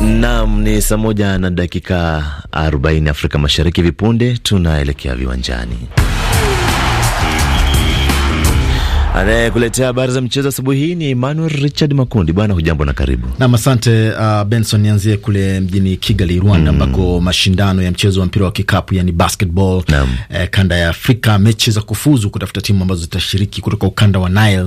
Nam ni saa moja na dakika 40 Afrika Mashariki. Vipunde tunaelekea viwanjani. Anayekuletea habari za mchezo asubuhi hii ni Emmanuel Richard Makundi. Bwana hujambo na karibu nam. Asante uh, Benson. Nianzie kule mjini Kigali, Rwanda, mm. ambako mm. mashindano ya mchezo wa mpira wa kikapu yani basketball eh, kanda ya Afrika, mechi za kufuzu kutafuta timu ambazo zitashiriki kutoka ukanda wa Nile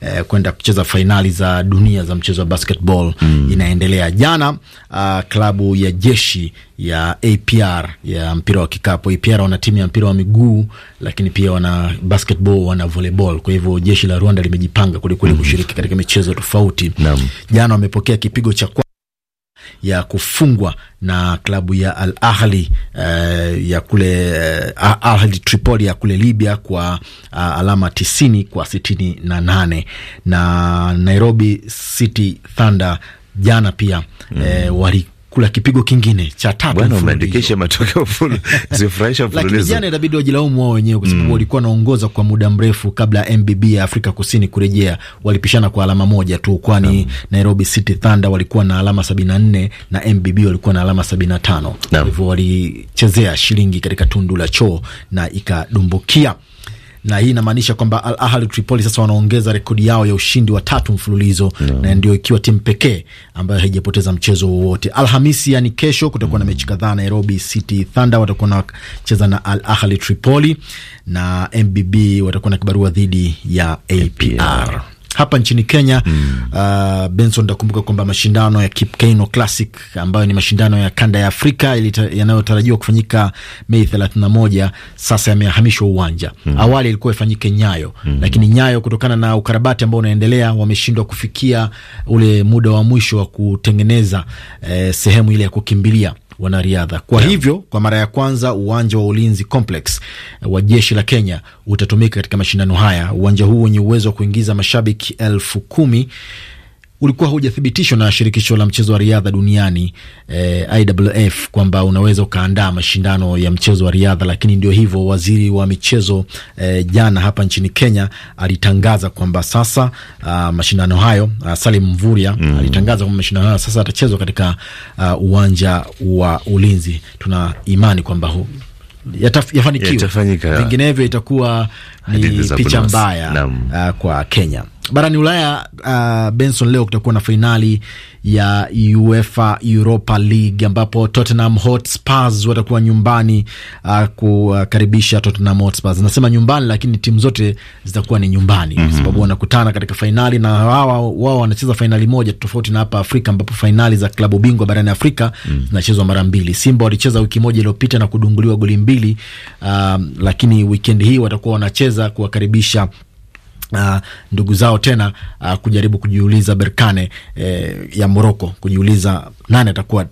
eh, kwenda kucheza fainali za dunia za mchezo wa basketball mm. inaendelea jana. Uh, klabu ya jeshi ya APR ya mpira wa kikapu. APR wana timu ya mpira wa miguu, lakini pia wana basketball, wana volleyball. Kwa hivyo jeshi la Rwanda limejipanga kwelikweli mhm. kushiriki mm -hmm. katika michezo tofauti. Jana wamepokea kipigo cha ya kufungwa na klabu ya Al Ahli uh, ya kule uh, Ahli Tripoli ya kule Libya kwa uh, alama tisini kwa sitini na nane na Nairobi City Thunder jana pia mm. eh, wali kula kipigo kingine cha tatu mfululizo. Matokeo zifurahisha lakini jana wajilaumu wao wenyewe kwa sababu mm, walikuwa wanaongoza kwa muda mrefu kabla ya MBB ya Afrika Kusini kurejea. Walipishana kwa alama moja tu, kwani Nairobi City Thunder walikuwa na alama 74 na MBB walikuwa na alama 75. Hivyo walichezea shilingi katika tundu la choo na ikadumbukia na hii inamaanisha kwamba Al Ahli Tripoli sasa wanaongeza rekodi yao ya ushindi wa tatu mfululizo no. na ndio ikiwa timu pekee ambayo haijapoteza mchezo wowote. Alhamisi yani kesho kutakuwa mm. na mechi kadhaa. Nairobi City Thunder watakuwa nacheza na Al Ahli Tripoli na MBB watakuwa na kibarua dhidi ya APR, APR hapa nchini Kenya mm. Uh, Benson takumbuka kwamba mashindano ya Kipkeino Classic ambayo ni mashindano ya kanda ya Afrika yanayotarajiwa kufanyika Mei 31 sasa yamehamishwa uwanja mm. Awali ilikuwa ifanyike Nyayo mm. Lakini Nyayo kutokana na ukarabati ambao unaendelea wameshindwa kufikia ule muda wa mwisho wa kutengeneza eh, sehemu ile ya kukimbilia wanariadha. Kwa hivyo kwa mara ya kwanza uwanja wa Ulinzi Complex eh, wa jeshi la Kenya utatumika katika mashindano haya. Uwanja huu wenye uwezo wa kuingiza mashabiki elfu kumi ulikuwa haujathibitishwa na shirikisho la mchezo wa riadha duniani eh, IWF kwamba unaweza ukaandaa mashindano ya mchezo wa riadha, lakini ndio hivyo, waziri wa michezo eh, jana hapa nchini Kenya alitangaza kwamba sasa uh, mashindano hayo uh, Salim Mvuria mm. alitangaza kwamba mashindano hayo sasa atachezwa katika uh, uwanja wa Ulinzi. Tuna imani kwamba yatafanikiwa, vinginevyo itakuwa ni picha mbaya uh, kwa Kenya. Barani Ulaya, uh, Benson, leo kutakuwa na fainali ya UEFA Europa League ambapo Tottenham Hotspurs watakuwa nyumbani uh, kukaribisha Tottenham Hotspurs. Nasema nyumbani, lakini timu zote zitakuwa ni nyumbani mm -hmm. sababu wanakutana katika fainali na wao wao wanacheza fainali moja tofauti na hapa Afrika ambapo fainali za klabu bingwa barani Afrika mhm. zinachezwa mm -hmm. mara mbili. Simba walicheza wiki moja iliyopita na kudunguliwa goli mbili, uh, lakini wikendi hii watakuwa wanacheza kuweza kuwakaribisha Uh, ndugu zao tena uh, kujaribu kujiuliza Berkane eh, ya Moroko kujiuliza nani atakuwa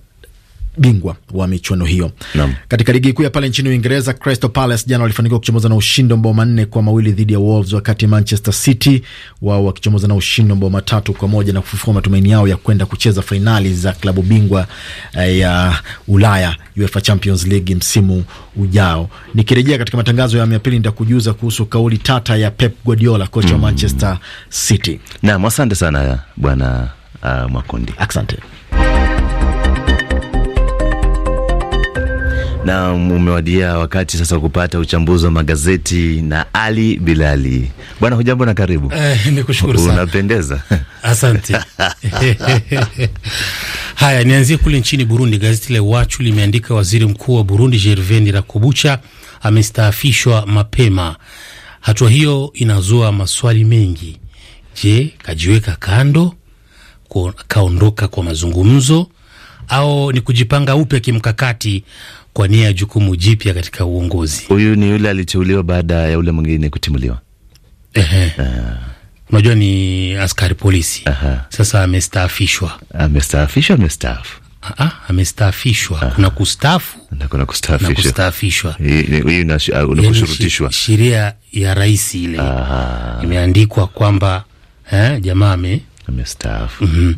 bingwa wa michuano hiyo. Naam. Katika ligi kuu ya pale nchini Uingereza, Crystal Palace jana walifanikiwa kuchomoza na ushindi mabao manne kwa mawili dhidi ya Wolves, wakati Manchester City wao wakichomoza na ushindi mabao matatu kwa moja na kufufua matumaini yao ya kwenda kucheza fainali za klabu bingwa eh, ya Ulaya UEFA Champions League msimu ujao. Nikirejea katika matangazo ya miapili nitakujuza kuhusu kauli tata ya Pep Guardiola, kocha wa mm. Manchester City. Naam, asante sana bwana uh, Makundi, asante. Na umewadia wakati sasa kupata uchambuzi wa magazeti na Ali Bilali. Bwana hujambo na karibu. Eh, nikushukuru sana. Unapendeza. Asante. Haya, nianzie kule nchini Burundi. Gazeti la Iwachu limeandika waziri mkuu wa Burundi Gervais Rakobucha amestaafishwa mapema. Hatua hiyo inazua maswali mengi. Je, kajiweka kando kaondoka kwa mazungumzo au ni kujipanga upya kimkakati kwa nia ya jukumu jipya katika uongozi. Huyu ni yule aliteuliwa baada ya yule mwingine kutimuliwa. Ehe. Ah. Unajua ni askari polisi. Aha. Sasa amestaafishwa. Amestaafishwa, amestaafu. Ah, ah amestaafishwa. Kuna kustaafu na kuna kustaafishwa. Hiyo uh, yaani unakushurutishwa. Sheria ya rais ile imeandikwa kwamba eh, jamaa ame amestaafu. mm -hmm.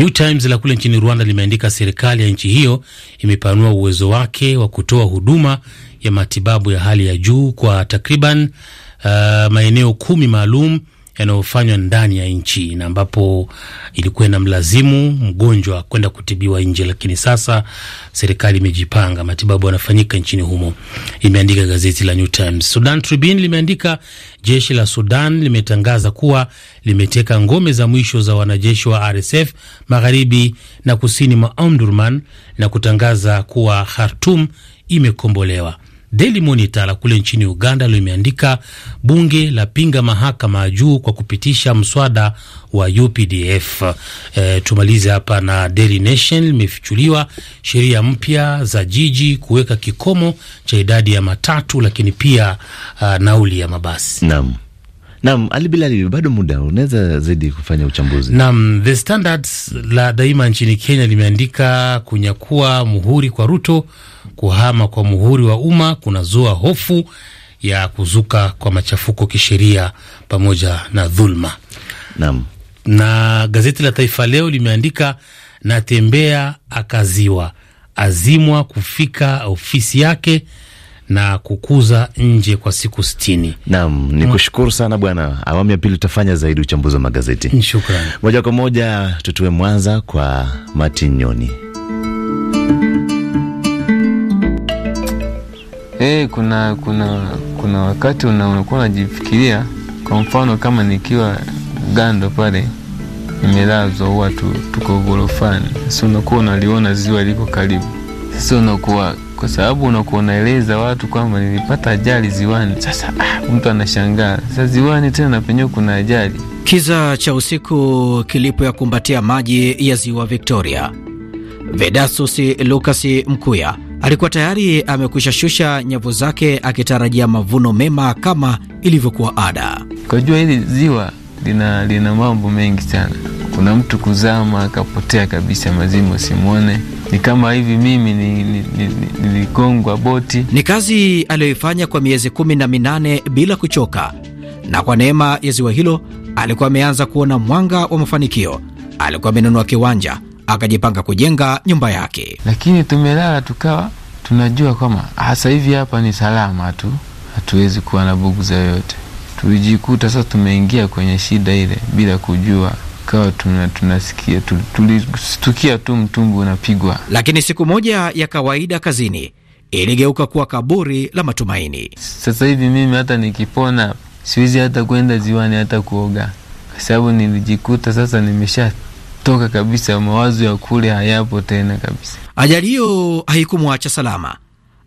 New Times la kule nchini Rwanda limeandika serikali ya nchi hiyo imepanua uwezo wake wa kutoa huduma ya matibabu ya hali ya juu kwa takriban uh, maeneo kumi maalum yanayofanywa ndani ya nchi na ambapo ilikuwa inamlazimu mgonjwa kwenda kutibiwa nje, lakini sasa serikali imejipanga, matibabu yanafanyika nchini humo, imeandika gazeti la New Times. Sudan Tribune limeandika jeshi la Sudan limetangaza kuwa limeteka ngome za mwisho za wanajeshi wa RSF magharibi na kusini mwa Omdurman na kutangaza kuwa Khartum imekombolewa. Daily Monitor la kule nchini Uganda limeandika bunge la pinga mahakama ya juu kwa kupitisha mswada wa UPDF. E, eh, tumalize hapa na Daily Nation limefichuliwa sheria mpya za jiji kuweka kikomo cha idadi ya matatu, lakini pia uh, nauli ya mabasi. Naam. Naam, Ali Bilali, bado muda unaweza zaidi kufanya uchambuzi. Naam, The Standards la daima nchini Kenya limeandika kunyakua muhuri kwa Ruto, kuhama kwa muhuri wa umma kunazua hofu ya kuzuka kwa machafuko kisheria pamoja na dhulma. Naam. Na gazeti la Taifa Leo limeandika natembea akaziwa azimwa kufika ofisi yake na kukuza nje kwa siku sitini. Naam, ni mm. kushukuru sana bwana. Awamu ya pili tutafanya zaidi uchambuzi wa magazeti. Shukrani. Moja kwa moja tutue Mwanza kwa Martin Nyoni. Hey, eh, kuna kuna kuna wakati unakuwa unajifikiria, kwa mfano kama nikiwa gando pale nimelazwa, huwa tuko ghorofani, si unakuwa unaliona ziwa liko karibu, si unakuwa kwa sababu unakuwa unaeleza watu kwamba nilipata ajali ziwani. Sasa ah, mtu anashangaa sasa, ziwani tena na penyewe kuna ajali. Kiza cha usiku kilipo ya kumbatia maji ya ziwa Victoria, Vedasus Lucas Mkuya alikuwa tayari amekwisha shusha nyavu zake akitarajia mavuno mema kama ilivyokuwa ada. Kwa jua hili ziwa lina, lina mambo mengi sana kuna mtu kuzama akapotea kabisa, mazimo simwone. Ni kama hivi mimi niligongwa ni, ni, ni, boti. Ni kazi aliyoifanya kwa miezi kumi na minane bila kuchoka, na kwa neema ya ziwa hilo alikuwa ameanza kuona mwanga wa mafanikio. Alikuwa amenunua kiwanja akajipanga kujenga nyumba yake, lakini tumelala tukawa tunajua kwamba hasa hivi hapa ni salama tu, hatuwezi kuwa na bugu za yoyote. Tulijikuta sasa tumeingia kwenye shida ile bila kujua ikawa tunasikia tuna tulistukia tu mtumbu unapigwa. Lakini siku moja ya kawaida kazini iligeuka kuwa kaburi la matumaini. Sasa hivi mimi hata nikipona siwezi hata kwenda ziwani hata kuoga, kwa sababu nilijikuta sasa nimesha toka kabisa, mawazo ya kule hayapo tena kabisa. Ajali hiyo haikumwacha salama,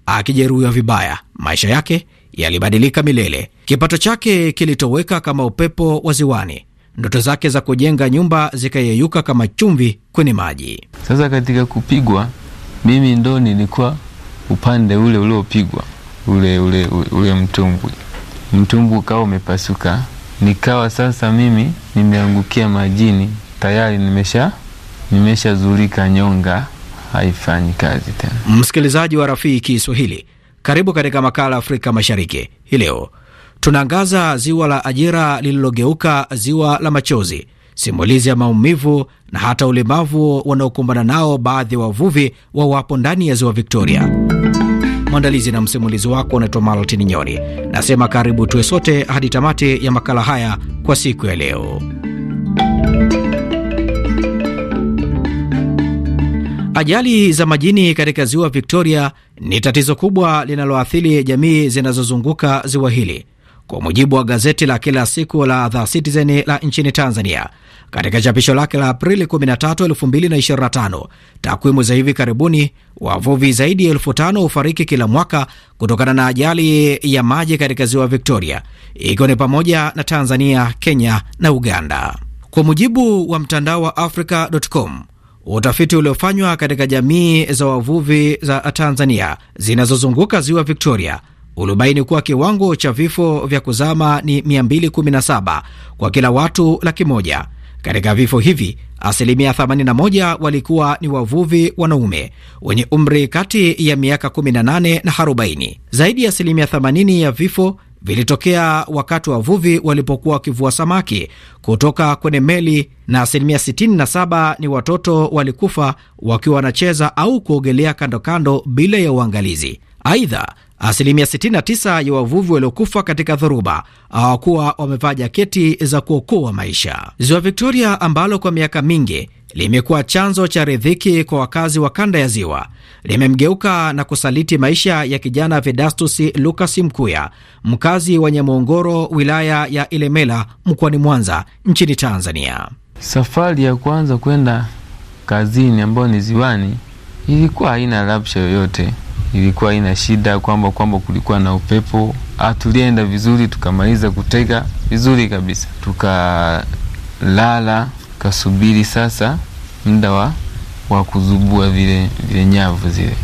akijeruhiwa vibaya. Maisha yake yalibadilika milele. Kipato chake kilitoweka kama upepo wa ziwani ndoto zake za kujenga nyumba zikayeyuka kama chumvi kwenye maji. Sasa katika kupigwa, mimi ndo nilikuwa upande ule uliopigwa, ule ule ule mtumbwi, mtumbwi ukawa umepasuka, nikawa sasa mimi nimeangukia majini tayari, nimesha nimeshazulika, nyonga haifanyi kazi tena. Msikilizaji wa Rafiki Kiswahili, karibu katika makala Afrika Mashariki hii leo Tunaangaza ziwa la ajira lililogeuka ziwa la machozi, simulizi ya maumivu na hata ulemavu wanaokumbana nao baadhi ya wavuvi wawapo ndani ya ziwa Victoria. Mwandalizi na msimulizi wako unaitwa Maltini Nyoni. Nasema karibu tuwe sote hadi tamati ya makala haya kwa siku ya leo. Ajali za majini katika ziwa Victoria ni tatizo kubwa linaloathiri jamii zinazozunguka ziwa hili kwa mujibu wa gazeti la kila siku la The Citizen la nchini Tanzania. Katika chapisho lake la Aprili 13, 2025, takwimu za hivi karibuni, wavuvi zaidi ya elfu tano hufariki kila mwaka kutokana na ajali ya maji katika ziwa Victoria, ikiwa ni pamoja na Tanzania, Kenya na Uganda. Kwa mujibu wa mtandao wa Africa.com, utafiti uliofanywa katika jamii za wavuvi za Tanzania zinazozunguka ziwa Victoria ulibaini kuwa kiwango cha vifo vya kuzama ni 217 kwa kila watu laki moja. Katika vifo hivi asilimia 81 walikuwa ni wavuvi wanaume wenye umri kati ya miaka 18 na 40. Zaidi ya asilimia 80 ya vifo vilitokea wakati wavuvi walipokuwa wakivua samaki kutoka kwenye meli, na asilimia 67 ni watoto walikufa wakiwa wanacheza au kuogelea kando kando bila ya uangalizi. Aidha, Asilimia 69 ya wavuvi waliokufa katika dhoruba hawakuwa wamevaa jaketi za kuokoa maisha. Ziwa Victoria ambalo kwa miaka mingi limekuwa chanzo cha ridhiki kwa wakazi wa kanda ya ziwa limemgeuka na kusaliti maisha ya kijana Vedastus Lukas Mkuya, mkazi wa Nyamongoro, wilaya ya Ilemela, mkoani Mwanza, nchini Tanzania. Safari ya kwanza kwenda kazini ambayo ni ziwani ilikuwa haina rabsha yoyote ilikuwa ina shida kwamba kwamba kulikuwa na upepo. Ah, tulienda vizuri, tukamaliza kutega vizuri kabisa, tukalala, tukasubiri sasa muda wa wa kuzubua vile, vile nyavu zile.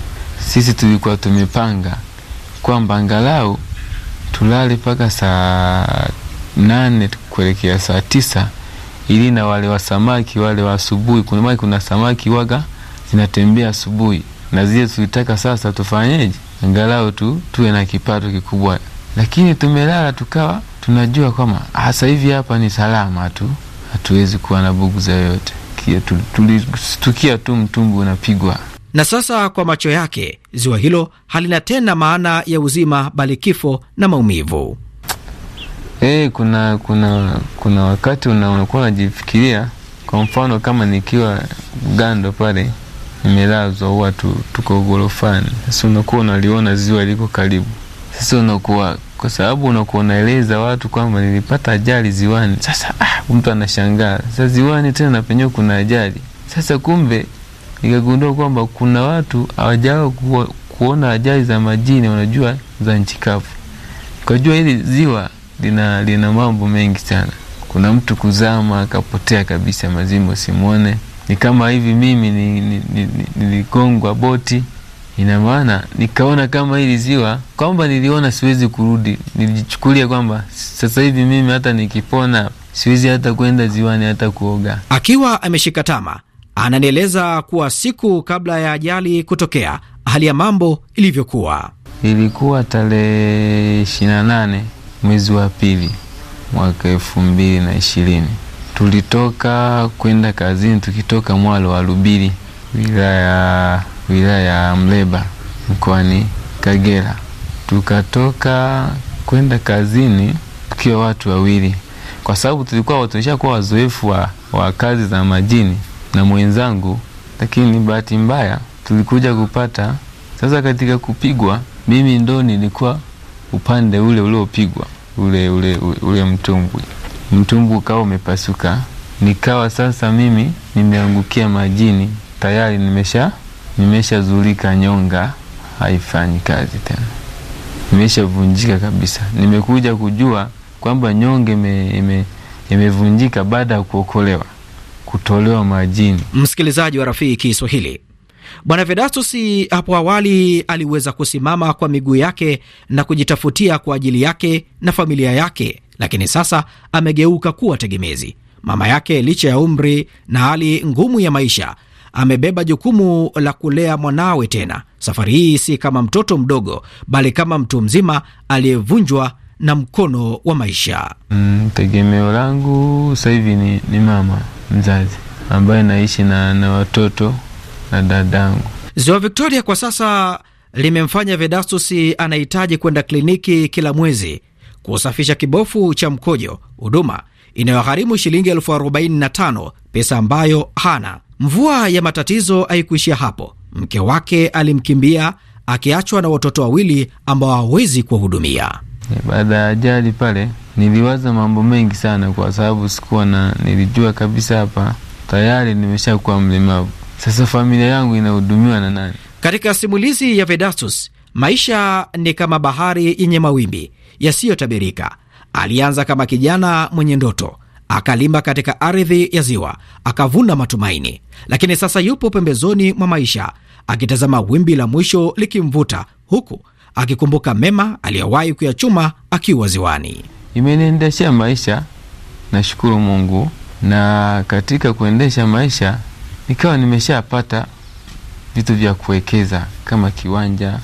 Sisi tulikuwa tumepanga kwamba angalau tulale mpaka saa nane kuelekea saa tisa ili na wale wa samaki wale wa asubuhi, kuna kuna samaki waga zinatembea asubuhi na zile tulitaka sasa tufanyeje, angalau tu tuwe na kipato kikubwa, lakini tumelala tukawa tunajua kwamba hasa ah, hivi hapa ni salama tu, hatuwezi kuwa na buguza yoyote. Tulistukia tu mtumbu unapigwa. Na sasa kwa macho yake ziwa hilo halina tena maana ya uzima, bali kifo na maumivu. E, kuna kuna kuna wakati unakuwa unajifikiria, kwa mfano kama nikiwa Gando pale imelazwa huwa tuko ghorofani. Sasa unakuwa unaliona ziwa liko karibu. Sasa unakuwa kwa sababu unakuwa unaeleza watu kwamba nilipata ajali ziwani. Sasa ah, mtu anashangaa, sasa ziwani tena na penyewe kuna ajali. Sasa kumbe nikagundua kwamba kuna watu hawajawa kuona ajali za majini, wanajua za nchi kavu. Kajua hili ziwa lina, lina mambo mengi sana. Kuna mtu kuzama akapotea kabisa, mazimo simwone ni kama hivi mimi niligongwa ni, ni, ni, boti ina maana nikaona kama hili ziwa kwamba niliona siwezi kurudi, nilijichukulia kwamba sasa hivi mimi hata nikipona siwezi hata kwenda ziwani hata kuoga. Akiwa ameshika tama, ananieleza kuwa siku kabla ya ajali kutokea, hali ya mambo ilivyokuwa. Ilikuwa tarehe 28 mwezi wa pili mwaka elfu mbili na ishirini tulitoka kwenda kazini, tukitoka mwalo wa Lubiri, wilaya wilaya ya Mleba mkoani Kagera, tukatoka kwenda kazini tukiwa watu wawili, kwa sababu tulikuwa kuwa wazoefu wa, wa kazi za majini na mwenzangu, lakini bahati mbaya tulikuja kupata sasa. Katika kupigwa, mimi ndo nilikuwa upande ule uliopigwa ule ule ule, ule mtumbwi mtumbu ukawa umepasuka, nikawa sasa mimi nimeangukia majini, tayari nimesha nimeshazulika, nyonga haifanyi kazi tena, nimeshavunjika kabisa. Nimekuja kujua kwamba nyonga imevunjika baada ya kuokolewa, kutolewa majini. Msikilizaji wa Rafiki Kiswahili, Bwana Vedastus hapo awali aliweza kusimama kwa miguu yake na kujitafutia kwa ajili yake na familia yake lakini sasa amegeuka kuwa tegemezi. Mama yake licha ya umri na hali ngumu ya maisha amebeba jukumu la kulea mwanawe. Tena safari hii si kama mtoto mdogo, bali kama mtu mzima aliyevunjwa na mkono wa maisha. Mm, tegemeo langu sasa hivi ni, ni mama mzazi ambaye naishi na, na watoto na dadangu. Ziwa Victoria kwa sasa limemfanya Vedastus anahitaji kwenda kliniki kila mwezi kusafisha kibofu cha mkojo, huduma inayogharimu shilingi elfu arobaini na tano, pesa ambayo hana. Mvua ya matatizo haikuishia hapo, mke wake alimkimbia akiachwa na watoto wawili ambao hawezi kuwahudumia. Eh, baada ya ajali pale, niliwaza mambo mengi sana, kwa sababu sikuwa na, nilijua kabisa hapa tayari nimeshakuwa mlemavu. Sasa familia yangu inahudumiwa na nani? Katika simulizi ya Vedastus, maisha ni kama bahari yenye mawimbi yasiyotabirika. Alianza kama kijana mwenye ndoto, akalima katika ardhi ya ziwa, akavuna matumaini, lakini sasa yupo pembezoni mwa maisha akitazama wimbi la mwisho likimvuta, huku akikumbuka mema aliyowahi kuyachuma akiwa ziwani. Imeniendeshea maisha, nashukuru Mungu, na katika kuendesha maisha nikawa nimeshapata vitu vya kuwekeza kama kiwanja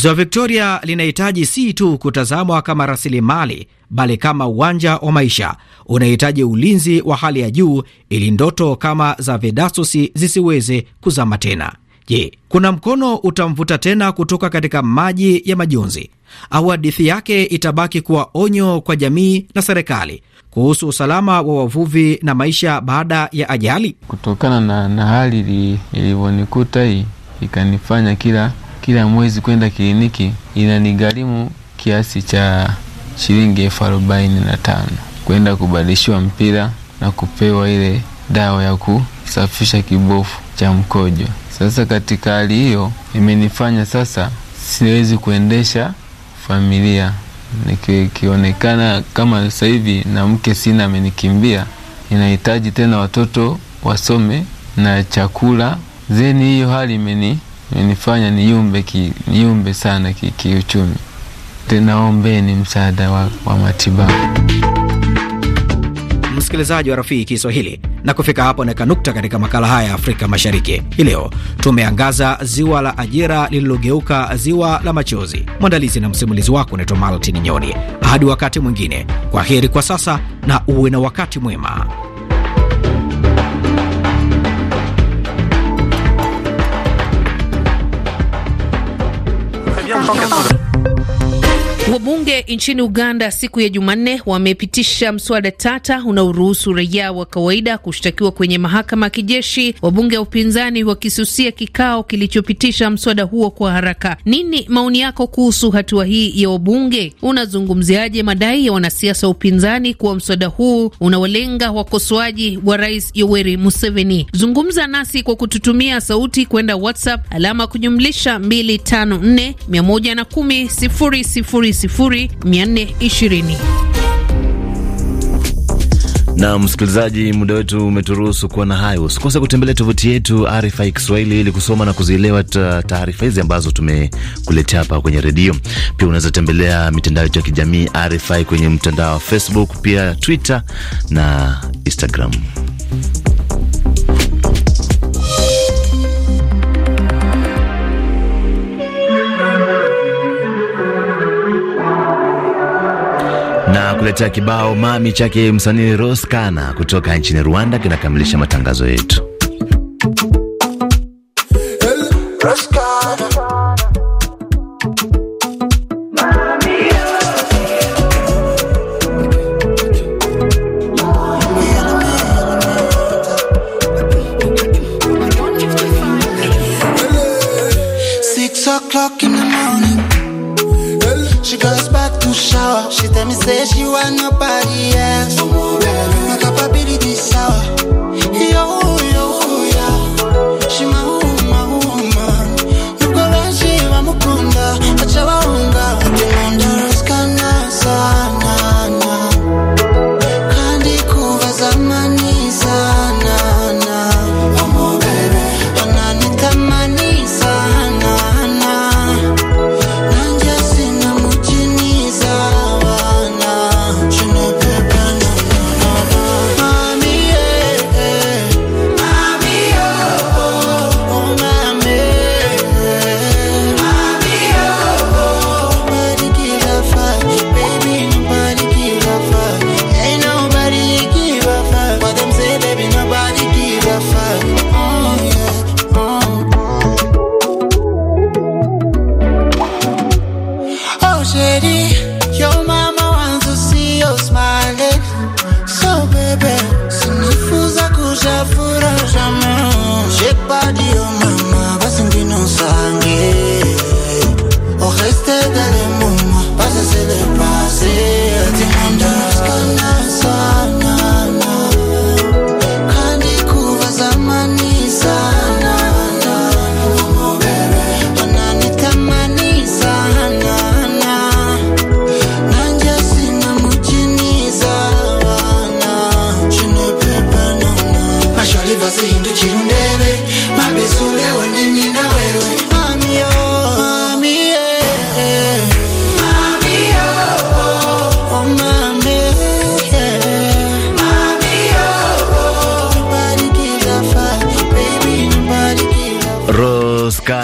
Ziwa Victoria linahitaji si tu kutazamwa kama rasilimali bali kama uwanja wa maisha. Unahitaji ulinzi wa hali ya juu ili ndoto kama za vedasosi zisiweze kuzama tena. Je, kuna mkono utamvuta tena kutoka katika maji ya majonzi, au hadithi yake itabaki kuwa onyo kwa jamii na serikali kuhusu usalama wa wavuvi na maisha baada ya ajali? Kutokana na, na hali ilivyonikuta hii ikanifanya kila kila mwezi kwenda kliniki inanigharimu kiasi cha shilingi elfu arobaini na tano kwenda kubadilishiwa mpira na kupewa ile dawa ya kusafisha kibofu cha mkojo. Sasa katika hali hiyo imenifanya sasa siwezi kuendesha familia, nikionekana kama sasa hivi na mke sina, amenikimbia. Inahitaji tena watoto wasome na chakula zeni, hiyo hali imeni nifanya niyumbe ki, niyumbe sana kiuchumi ki ni msaada wa, wa matibabu. Msikilizaji wa Rafiki Kiswahili, na kufika hapo naweka nukta katika makala haya ya Afrika Mashariki hii leo. Tumeangaza ziwa la ajira lililogeuka ziwa la machozi. Mwandalizi na msimulizi wako unaitwa Maltin Nyoni. Hadi wakati mwingine, kwa heri kwa sasa na uwe na wakati mwema. funky to the Wabunge nchini Uganda siku ya Jumanne wamepitisha mswada tata unaoruhusu raia wa kawaida kushtakiwa kwenye mahakama ya kijeshi, wabunge wa upinzani wakisusia kikao kilichopitisha mswada huo kwa haraka. Nini maoni yako kuhusu hatua hii ya wabunge? Unazungumziaje madai ya wanasiasa wa upinzani kuwa mswada huu unawalenga wakosoaji wa Rais Yoweri Museveni? Zungumza nasi kwa kututumia sauti kwenda WhatsApp alama kujumlisha 254 110 000 na msikilizaji, muda wetu umeturuhusu kuwa na hayo. Usikose kutembelea tovuti yetu RFI Kiswahili ili kusoma na kuzielewa taarifa hizi ambazo tumekuletea hapa kwenye redio. Pia unaweza tembelea mitandao yetu ya kijamii RFI kwenye mtandao wa Facebook, pia Twitter na Instagram. kuletea kibao mami chake msanii Roskana kutoka nchini Rwanda kinakamilisha matangazo yetu. She goes shower. She tell me say she want nobody else. My capability sour. Yo, yo, yo. She my woman, my woman. Nuko lanshi wa mukunda. Achawa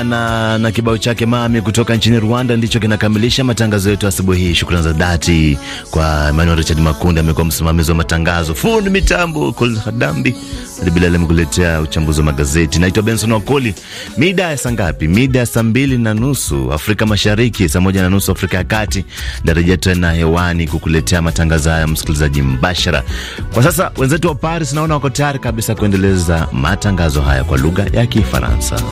na, na kibao chake mami kutoka nchini Rwanda ndicho kinakamilisha matangazo yetu asubuhi hii. Shukrani za dhati kwa Emmanuel Richard Makunde, amekuwa msimamizi wa matangazo, fundi mitambo Colin Hadambi, Bilal amekuletea uchambuzi wa magazeti. Naitwa Benson Wakoli. Mida ya saa ngapi? Mida ya saa mbili na nusu Afrika Mashariki, saa moja na nusu Afrika ya Kati. Darajia tena hewani kukuletea matangazo haya, msikilizaji mbashara. Kwa sasa wenzetu wa Paris naona wako tayari kabisa kuendeleza matangazo haya kwa lugha ya Kifaransa.